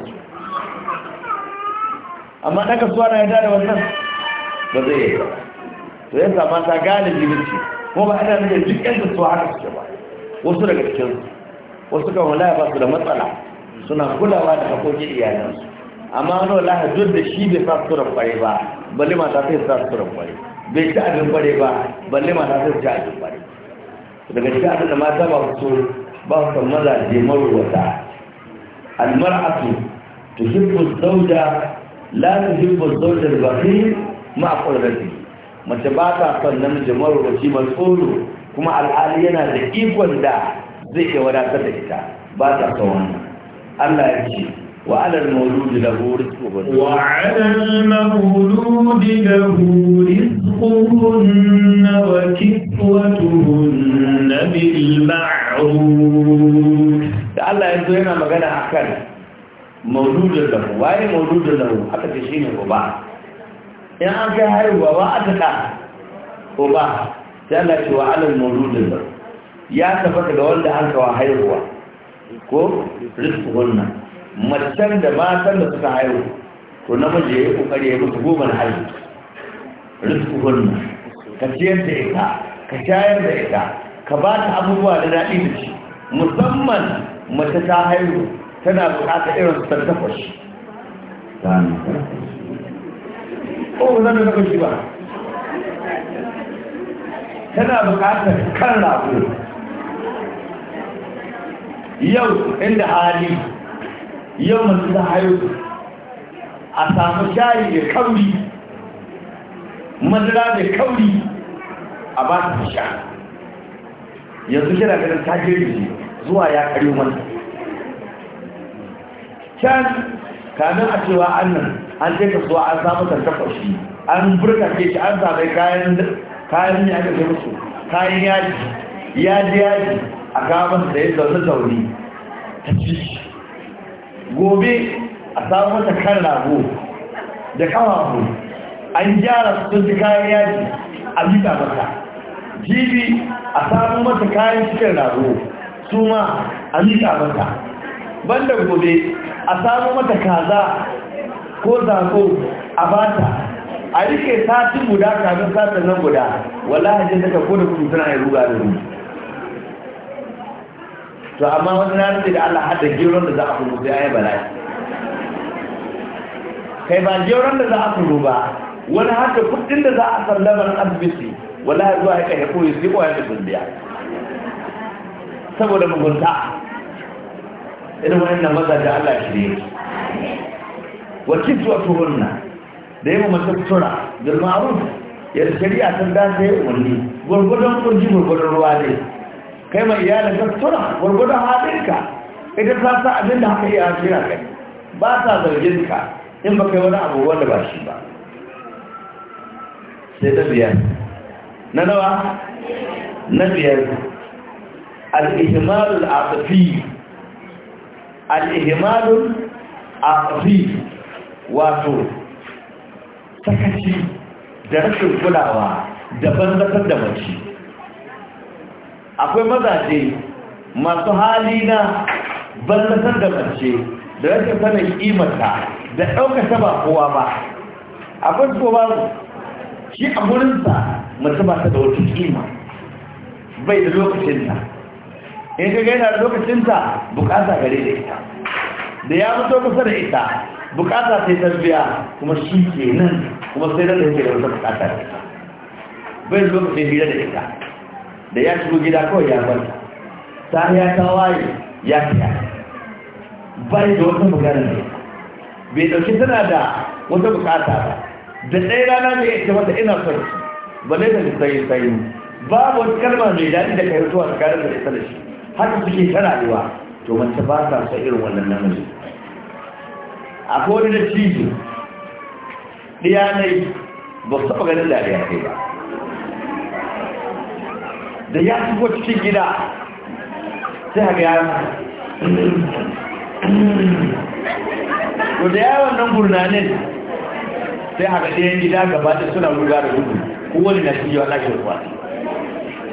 amma ɗaka suwa na yadda da wannan ba zai yi ba to yasa mata galibi ne ce ko ba ana nuna duk yan su haka suke ba wasu daga cikin wasu kan wala ba su da matsala suna kulawa da hakoki iyalan su amma wani wala duk da shi bai sa su da kware ba balle ta sai fasu su da kware bai ci abin kware ba balle ta sai ci abin kware daga cikin abin da mata ba su ba su san maza mazaje marwata almar'atu tuhibbu zawja la tuhibbu zawja al-bakhil ma'a qurrati mace ba ta son namiji marwaci mai tsoro kuma alhali yana da ikon da zai iya wadatar da ita ba ta son wannan Allah ya ce wa alal mawlud lahu rizquhun wa alal mawlud lahu rizquhun wa kiswatuhun bil ma'ruf da Allah ya zo yana magana akan mawlud lahu waye mawlud lahu aka ce shine ba? in an kai haihuwa ba aka ka ko ba sai Allah ce wa alal mawludin ba ya tabbata ga wanda an kawa haihuwa ko rizqu hunna macen da matan da suka haihu to namiji ya yi kokari ya mutu goma na haihu rizqu hunna ka ciyar da ita ka shayar da ita ka ba ta abubuwa da daɗi da shi musamman mace ta haihu tana buƙatar irin su ta takwas ko ba zan taɓa ba tana buƙatar kan rago yau inda hali yau masu ta hayo a samu shayi da kauri madara da kauri a ba ta sha yanzu kira ganin ta zuwa ya karyo mata can kamin a cewa annan an ka zuwa an samu shi an ke shi an same kayan kayan ne aka musu kayan yaji yaji yaji a kamar da ya zaune zaune ta ci gobe a samu wata kan rago da kawafu an gyara sun ji kayan yaji a bisa mata jibi a samu mata kayan cikin rago su ma a bita mata banda gobe a samu mata kaza ko zako a bata a rike satin guda kafin satin nan guda wala je daga ko da kuma suna yi ruga da ruwa to amma wani na rike da Allah hada geron da za a kuma sai ayi bala'i kai ba geron da za a kuma ba wani haka kudin da za a sallamar asibiti wala zuwa ya kai ya koyi sai kowa da sun biya saboda mugunta na wannan da Allah shirye su wa Tuhunna da yi mace tura bil ma'ruf yar shari'a ta dace wani gwargwadon kurji gwargwadon ruwa ne kai mai iyalin ta tura gwargwadon haɗinka ita ta sa abin da haka yi a shirya kai ba ta zargin ka in ba kai wani abubuwan da ba shi ba sai ta biyar na nawa na biyar al-ihmal al al-ihmalul afi wato sakaci da rashin kulawa da banzatar da mace akwai mazaje masu hali na banzatar da mace da rashin sanin kimanta da ɗauka ta ba kowa ba akwai su ba shi a gurinsa mace ba ta da wata kima bai da ta. in ka gaina da lokacinta bukata gare da ita da ya fito kusa da ita bukata sai ta biya kuma shi ke nan kuma sai da yake da wata bukata da ita bai zo ka hira da ita da ya shigo gida kawai ya bar ta ya ta waye ya fiya bai da wata bukata da ita bai dauki tana da wata bukata ba da ɗaya rana mai yake ce mata ina son ba ne da sayi sayin babu wani kalma mai daɗi da kai zuwa tsakanin da ita da shi su suke ta rayuwa to mace ba ta sa irin wannan namiji akwai wani da cizo ne ba su taɓa ganin dariya kai ba da ya shigo cikin gida sai haka ya to da wannan nan gurnanin sai haka ɗayan gida gaba da suna ruga da gudu kowane na shi yawan ake kwasi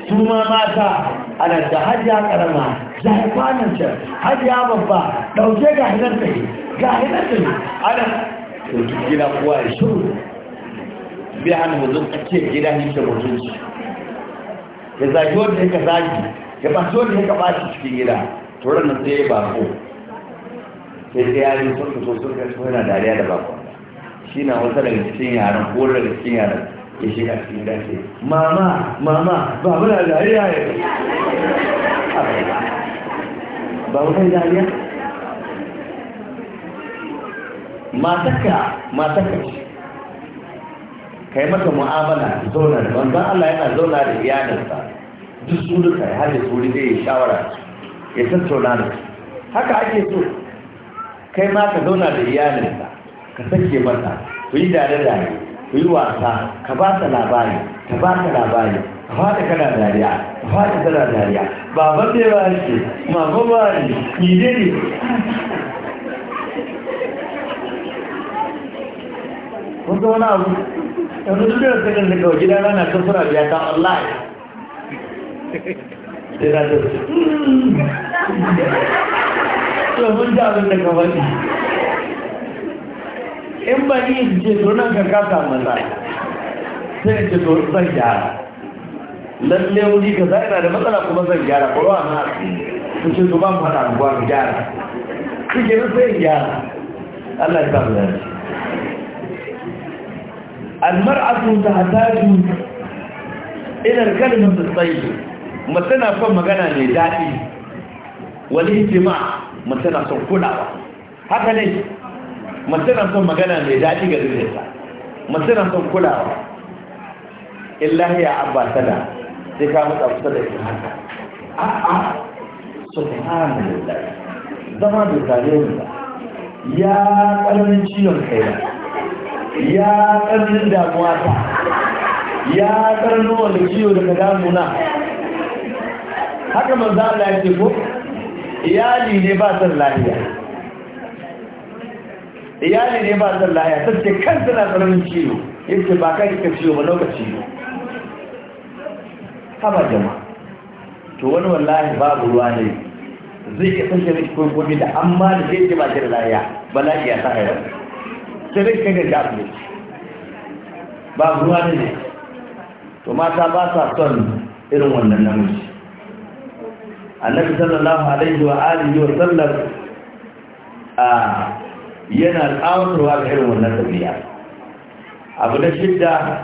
su ma mata ana da hajiya karama za a kwanan can hajiya babba dauke ga hinar ta yi ga hinar ta yi ana ɗauki gida kuwa ya shuru bi hannun mutum a ce gida hishe mutunci ya zagi wanda ya ka zagi ya ba su wanda ya ka ɓaci cikin gida turan nan sai ya bako sai sai yayin sun fito sun kai suna dariya da bako shi na wasa daga cikin yaran ko daga cikin yaran ya shiga cikin dace mama mama ba muna dariya ya ba muna dariya matakka matakka ce ka mata mu'amala zauna da wanda Allah yana zauna da iyalinsa duk su duka da hajji tsori zai shawara ya tattauna da su haka ake so kai ma ka zauna da iyalinsa ka sake mata ku yi dare dare ku yi wasa ka ba ta labari ka ba ta labari ka fata kana dariya ka fata kana dariya baban bai ba shi mama ba shi ni ne ne kun ga wani abu yanzu duk da sakin daga gida rana ta sura biya ta Allah sai na ta ce to hmm. mun ji abin da ka faɗi in ba yi ce nan ka kasa maza sai ce zan gyara lalle wuri ka za ina da matsala kuma zan gyara ko ruwa na su ce to ban fada ruwa ga gyara su ke nan sai gyara Allah ya samu yanzu almar'atu ta hataju ilar kalmar tsayi mace na son magana mai daɗi wani hikima mace na son kulawa haka ne Masana son magana mai daɗi ga zuciyarta mace masana son kulawa illahi ya abba sada sai ka a kusa da ita haka a'a subhanallah zama da tare ba ya ƙarfin ciwon kai ya ƙarfin damuwa ta ya ƙarfin wanda ciwo daga na haka manzo ya ce ko iyali ne ba san lafiya iyali ne ba zan laya, ta ce kan tana tsananin ciwo ya ce ba kai ka ciwo ba lokaci ba. haba jama'a to wani wallahi babu ruwa ne zai iya sashe ko gobe da amma da zai ce ba kira da lahiya ba lahiya ya sa haifar ta dai kai ga gafi ne babu ruwa ne to mata ba sa son irin wannan namiji annabi sallallahu alaihi wa alihi wa sallam a yana tsawatarwa ga irin wannan ɗabi'a abu na shidda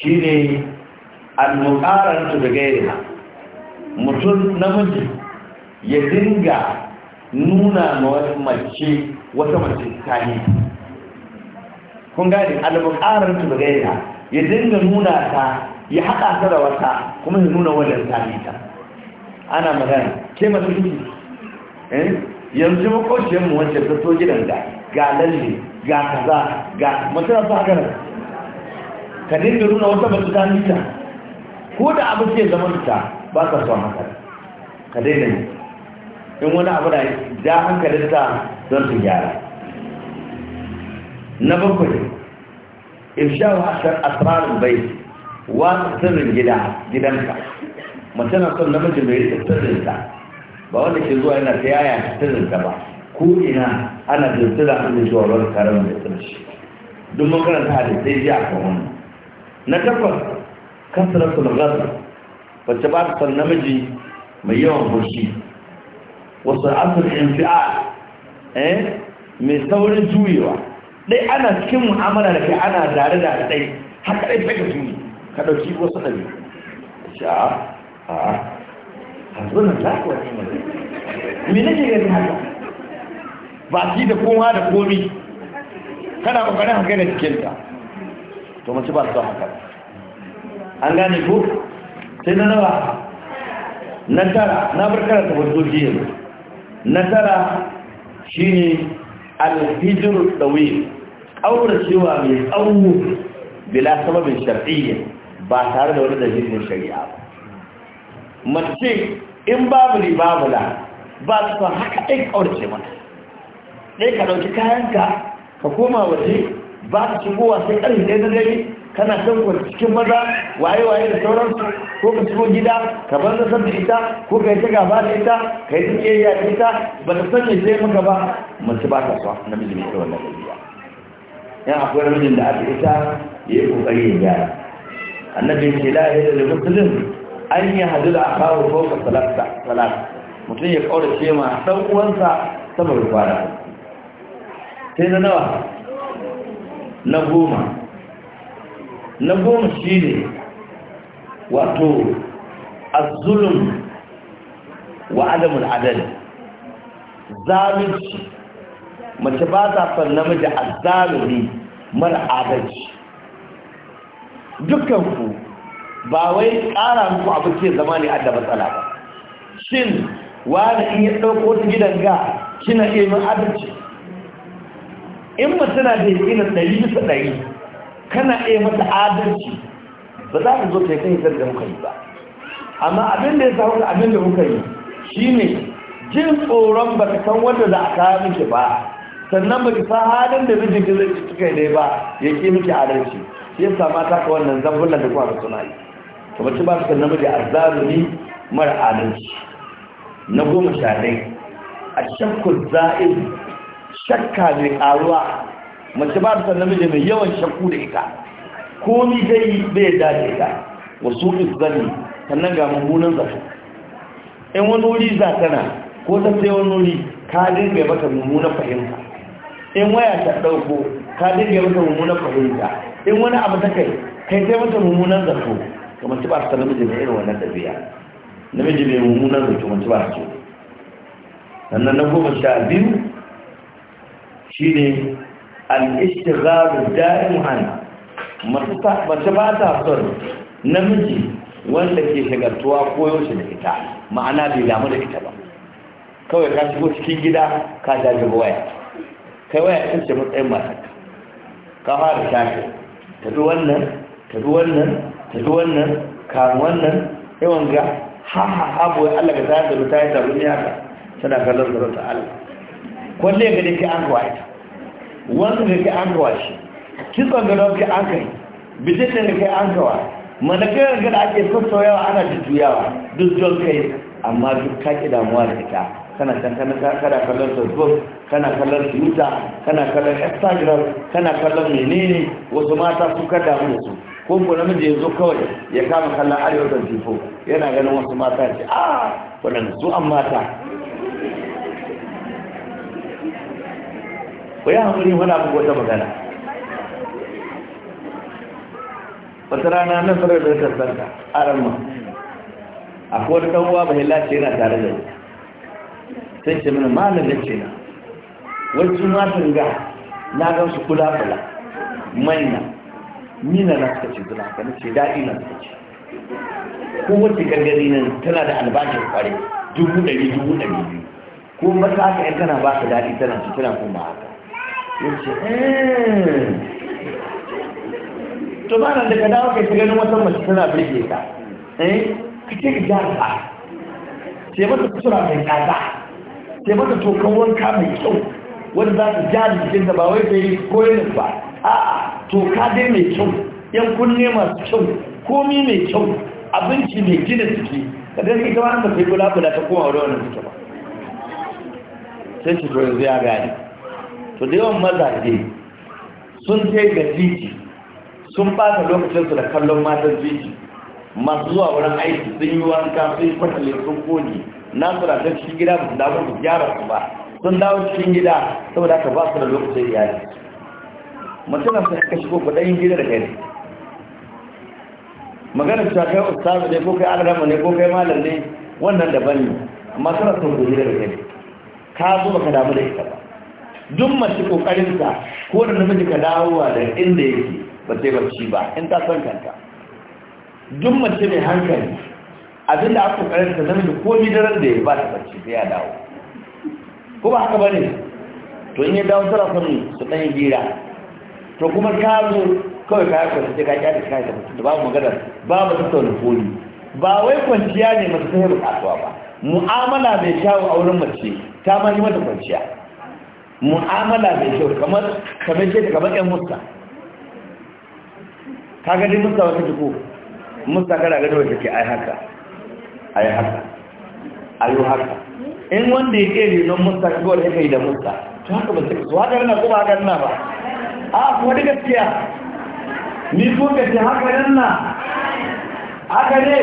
shine al-muqaran da gairiha mutum namiji ya dinga nuna ma wata mace wata mace tani kun gane al-muqaran da gairiha ya dinga nuna ta ya haɗa ta da wata kuma ya nuna wannan tani ta ana magana ke mace yanzu makwashiyar mu wacce ta so gidanta ga lalle ga kaza ga matana su haka nan ka dinga nuna wata bata ta nita ko da abu ce zama ta ba ka son haka ka daina ne in wani abu da ja hankalinta don su gyara na bakwai in sha wasan asrarin bai wasu sirrin gida gidanka mace na son namiji mai sirrinta ba wanda ke zuwa yana ta yaya sirrinta ba ko ina ana jirtira da zuwa wani karamin da shi. duk makaranta karanta sai ji a kan wannan na takwas su ghadab wacce ba ta san namiji mai yawan fushi wasu asir fi'a eh mai saurin juyewa dai ana cikin mu'amala da kai ana dare da dai haka dai sai ka juyi ka ɗauki wasu dabi a hasbunan lafi wani mai me nake gani haka ba ki da koma da komi kana kokarin haka da cikinta to mace ba su haka an gane ko sai na nawa na tara na barkar ta wato jiya na shi ne alhijr dawil aure cewa mai tsawo bila sababin shar'iyya ba tare da wani dalilin shari'a ba mace in babu ribabula ba su fa haka ɗai ƙaurace mata ɗai ka ɗauki kayanka ka koma waje ba su kowa sai ƙarfi ɗai na kana son ku cikin maza waye-waye da sauransu ko ka shigo gida ka bar da san ita ko ka yi ta gaba da ita ka yi ta ƙiyayya da ita ba ta sanya zai maka ba mace ba ta so namiji mai wannan gajiya yan akwai ramin da ake ita ya yi ƙoƙari ya gyara annabi ce la da illallah an yi hadu da akawo fauka talata mutum ya kaura ce ma dan uwansa sama sai na nawa na goma na goma shi ne wato azulun wa adamun adal zalunci mace ba ta son namiji a zalumi mara adalci dukanku ba wai ƙara muku abin ke zama ne adda matsala ba shin wani in yi ɗauko ta gidan ga kina iya yin adalci? in ba suna da na ɗari bisa ɗari kana iya mata adalci ba za ka zo ta yi kan da muka yi ba amma abin da ya samu da abin da muka yi shine jin tsoron ba ka san wanda za a kawo miki ba sannan ba ki san halin da mijinki zai ci kai ne ba ya ke miki adalci shi yasa mata ka wannan zambulan da kuma suna yi Ka mace ba su ta namiji azzalumi mara adalci na goma sha ɗai a shakkun za'in shakka mai ƙaruwa mace ba su ta namiji mai yawan shakku da ita komi dai bai dace ta wasu izzani sannan ga mummunan zato in wani wuri za ta na, ko ta sai wani wuri ka dinga mata mummunan fahimta in waya ta ɗauko ka dinga mata mummunan fahimta in wani abu ta kai kai sai mata mummunan zato to mace ba ta namiji mai irin wannan ɗabi'a namiji mai mummunan zato mace ba ta sannan na goma sha biyu shi ne al'ishtigharu da'im an mace ba ta son namiji wanda ke shagartuwa koyaushe da ita ma'ana bai damu da ita ba kawai ka shigo cikin gida ka jaje waya kai waya ita ce matsayin matarka ka fara shafi tafi wannan tafi wannan tafi wannan kan wannan yawan ga ha ha ha Allah ka tayar da mu tayar da mu ne haka tana kallon da ta Allah ya gani ke an kawai ta wanda ga ke an kawai shi kitson ga ke an kai bisitin ga ke an kawo manakar ga da ake yawa ana jujjuyawa duk jon kai amma duk kaki ki damuwa da ita kana can kana kana kallon facebook kana kallon twitter kana kallon instagram kana kallon menene wasu mata su ka damu da su ko ko namiji ya zo kawai ya kama kallon arewa da tifo yana ganin wasu mata ce a ah, waɗanda su an mata ku yi hankali wani abu wata magana wata rana na farar da ta santa a ma a kowane ɗan'uwa ba hila yana tare da sai ce mana malam da ce na Wancan matan ga na gan su kula-kula manya nina na suka ce zuna ka nace daɗi na suka ce ko wacce gangare nan tana da albashin kware dubu ɗari dubu ɗari biyu ko masa haka yan tana ba ka daɗi tana ci tana kuma haka yace eh. to ba nan daga dawo kai ta ganin wata mace tana birge ka eh ka ja ka ba sai mata kusura mai kaza sai mata tokan wanka mai kyau wanda za ta jari jikinta da ba wai bai koyar ba a'a toka dai mai kyau yan kunne masu kyau komi mai kyau abinci mai gina jiki da dai ita wani mutum gula gula ta koma wani wani mutum sai shi yanzu ya gani to da yawan mazaje sun kai ga titi sun bata lokacinsu da kallon matan jiki masu zuwa wurin aiki sun yi wanka sun yi kwatale sun kone na su da cikin gida ba su damu su gyara su ba sun dawo cikin gida saboda ka ba su da lokacin iyali mutumin sai ka shigo kudayin gida da kai maganar cewa kai ustazu ne ko kai alrama ne ko kai malam ne wannan daban ne amma tana son ku gida da kai ka zo ka damu da ita ba duk mace kokarin ta ko da namiji ka dawowa da inda yake ba sai barci ba in ta san kanta duk mace mai hankali abinda aka kokarin ta namiji ko midarar da ya ba ta barci sai ya dawo ko ba haka bane to in ya dawo tara son su dan gira to kuma ka zo kawai ka haka sai ka kyale kai da mutum da babu magana babu tattauna koli ba wai kwanciya ne masu sai bukatuwa ba mu'amala mai kyau a wurin mace ta ma yi mata kwanciya mu'amala mai kyau kamar kamar ce kamar 'yan musta ka gani musta wata jiko musta kana ga dole ke ai haka ai haka ayo haka in wanda ya ke don musta ko da kai da musta to haka ba sai su haka na kuma haka na ba a kuma da gaskiya ni ko ka ce haka nan na haka ne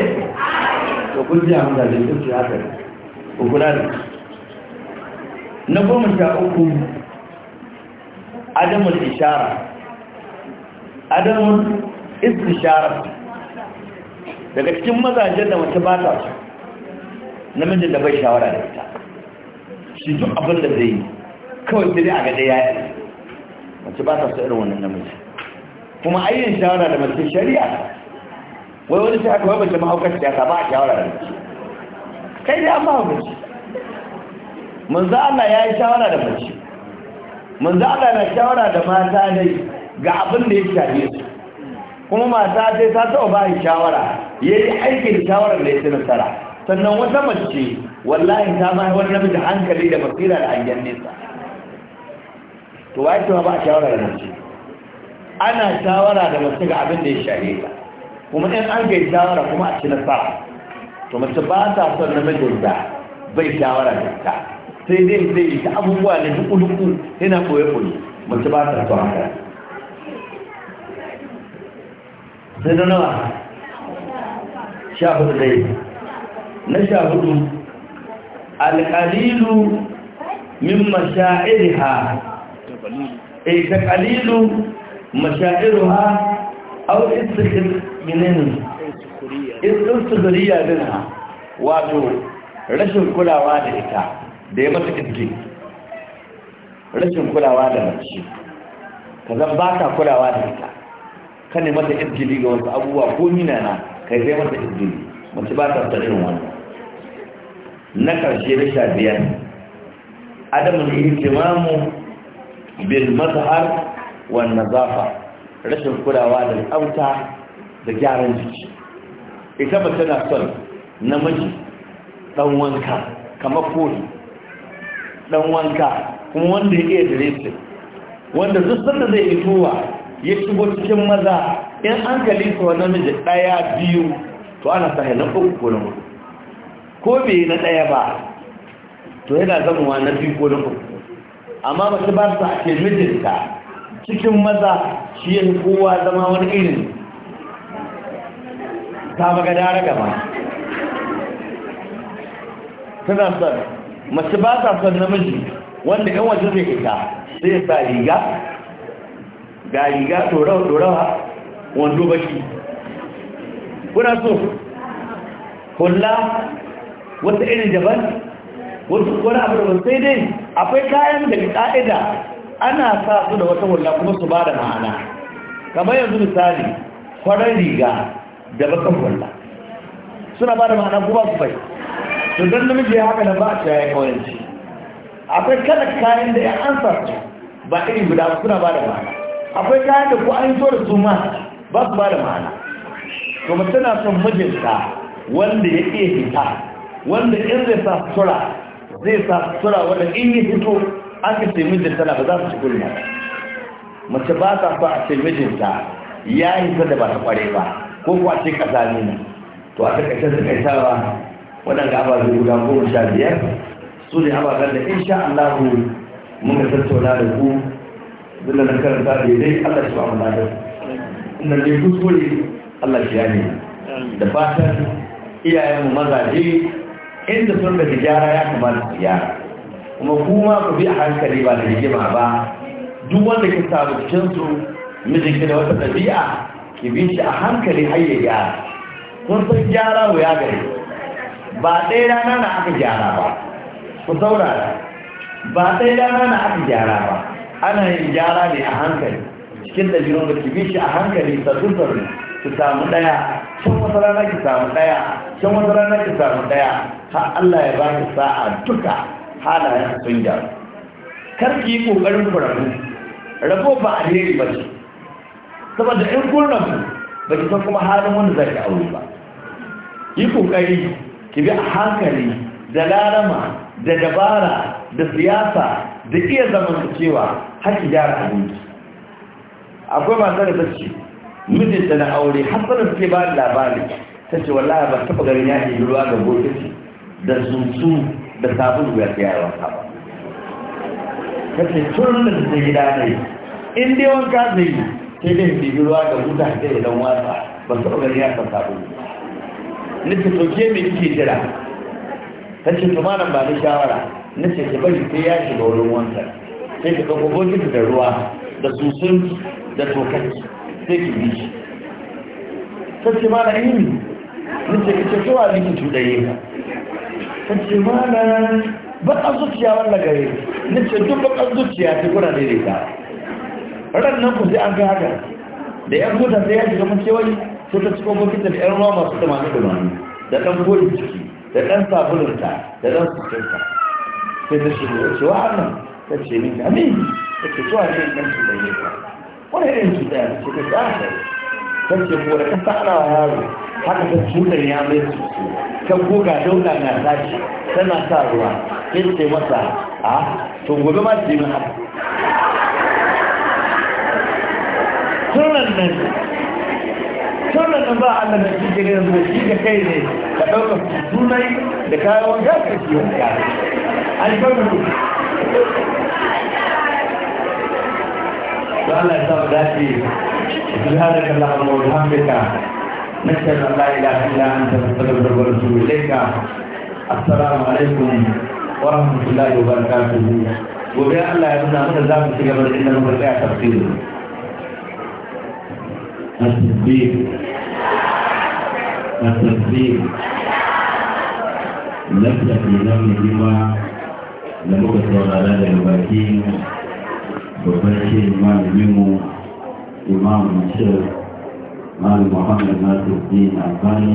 to kun ji amma da kun ce haka ku kula da na goma sha uku adamul ishara adamul istishara daga cikin mazajen da mace ba ta su namijin da bai shawara da ita shi duk abin da zai yi kawai sai a ga ɗaya ya yi. mace ba ta sa irin wannan namiji kuma ayyin shawara da mace shari'a wai wani sai aka wai mace mahaukar siyasa ba a shawara da mace kai dai an ba mace manzo Allah ya yi shawara da mace manzo Allah na shawara da mata ne ga abin da ya shafe su kuma mata sai ta taɓa ba shi shawara ya yi aikin shawara da ya ci nasara sannan wata mace wallahi ta ma wani namiji hankali da basira da hangen nesa to wa yake ba a shawara da mace ana shawara da mace ga abin da ya shahe ka kuma in an ga shawara kuma a ci nasara to mace ba ta son namijin da bai shawara da ta sai dai yi ta abubuwa na duk duku yana koyo koye mace ba ta son haka sai da nawa sha hudu dai na sha hudu alƙalilu min masha'iriha eh ta qalilu mashairuha aw istikhir minin istikhiriya ha, wato rashin kulawa da ita da ya mata kitke rashin kulawa da mace ka zan ba ta kulawa da ita ka ne mata izgili ga wasu abubuwa ko nina na ka yi mata izgili mace ba ta tsarin wani na karshe biyar. Adamu biyar yi ihtimamu bil mazhar wan nazafa rashin kulawa da tsafta da gyaran jiki ita ba tana son namiji dan wanka kamar koli dan wanka kuma wanda ya iya dressing wanda duk sanda zai fitowa ya shigo cikin maza in an kalifa kuwa namiji daya biyu to ana sahi na uku ko na ko bai na daya ba to yana zama na biyu ko na uku amma su ba ta ake mijinta cikin maza shi yin kowa zama wani irin ta maga dara gaba suna son masu ba sa son namiji wanda yan wajen zai ita sai ya sa riga ga riga tsorawa wando baki kuna so kula wata irin daban wasu wani abu da ba sai dai akwai kayan da ka'ida ana sa su da wata wula kuma su ba da ma'ana kamar yanzu misali kwarar riga da bakan wula suna ba da ma'ana kuma su bai to don namiji ya haka da ba a ciyayen kawanci akwai kada kayan da ya ansa su ba iri guda suna ba da ma'ana akwai kayan da ku an yi so da su ma ba su ba da ma'ana kuma suna son mijinta wanda ya iya fita wanda in zai sa tura zai sa sura wanda in yi fito aka ce mijinta na ba za su ci gulma mace ba ta sa a ce mijinta ya yi da ba ta kware ba ko kuwa ce kasa nuna to a takaice da kai ba waɗanda zai guda goma sha biyar su ne ababen da insha Allah muka tattauna da ku zilla na karanta daidai Allah shi ba mu ladar inda dai kuskure Allah shi ya ne da fatan iyayenmu mazaje inda sun da gyara ya kamata su gyara kuma kuma ku bi a hankali ba da rigima ba duk wanda ke samu cikin su mijinki da wata ɗabi'a ki bi shi a hankali har ya gyara kun san gyara ya gari ba ɗaya rana na aka gyara ba ku saurara ba ɗaya rana na aka gyara ba ana yin gyara ne a hankali cikin ɗabi'un da ki bi shi a hankali sabbin sabbin ki samu ɗaya can wata rana ki samu ɗaya can wata rana ki samu ɗaya har Allah ya baki sa'a duka halayen sun gyaru kar ki yi ƙoƙarin ku rabu rabo ba a ne ba ce saboda in kun rabu ba ki san kuma halin wanda za ki aure ba yi ƙoƙari ki bi a hankali da larama da dabara da siyasa da iya cewa har ki gyara abinci akwai masu da ta ce mijinta na aure hasanar suke ba da labari ta ce wallahi ba taɓa garin ya ke ruwa ga bokiti da zuntu da sabulu ya tsaya wata ba ta ce tun da ta gida ne in dai wanka zai yi sai dai ɗebi ruwa ga ta yi don wata ba taɓa garin ya ruwa sabulu nake soke mai ke jira ta ce to malam ba da shawara ce ta bari sai ya shiga wurin wanka sai ka ɗauko bokiti da ruwa da susun da tokaki sai ki bi shi sai ma na yi nace ka ce to a bikin tudaye ka sai ma na bakan zuciya wanda gare nace duk bakan zuciya ta kuna rika ran nan ku sai an ga haka da yan gudan sai ya shiga mun wai sai ta cikin da yan ruwa masu tamani tamani da ɗan gori ciki da ɗan sabulunta da ɗan sukinta sai ta shiga ya ce wa'annan ta ce min amin ta ce zuwa ne ɗan su da yi wani irin cuta ya ce ka kan ce ko da ka yaro haka ta cutar ya mai su ka goga dauka na tashi tana sa ruwa ya ce masa a to gobe ma ce min haka tunan nan tunan nan ba Allah na cikin yanzu da shi kai ne ka ɗauka sunai da kayan wanga ka ciwon ka an to Allah ya sa mu dace subhanaka allahumma wa bihamdika nashhadu an la ilaha ta anta da wa natubu ilayka assalamu alaikum wa rahmatullahi wa barakatuh gobe Allah ya nuna mana za mu ci gaba da inda muka tsaya tafsiri التكبير التكبير لم تكن لم يجب لم تكن على babban shi malamin mu imamu shir malam muhammad nasir din albani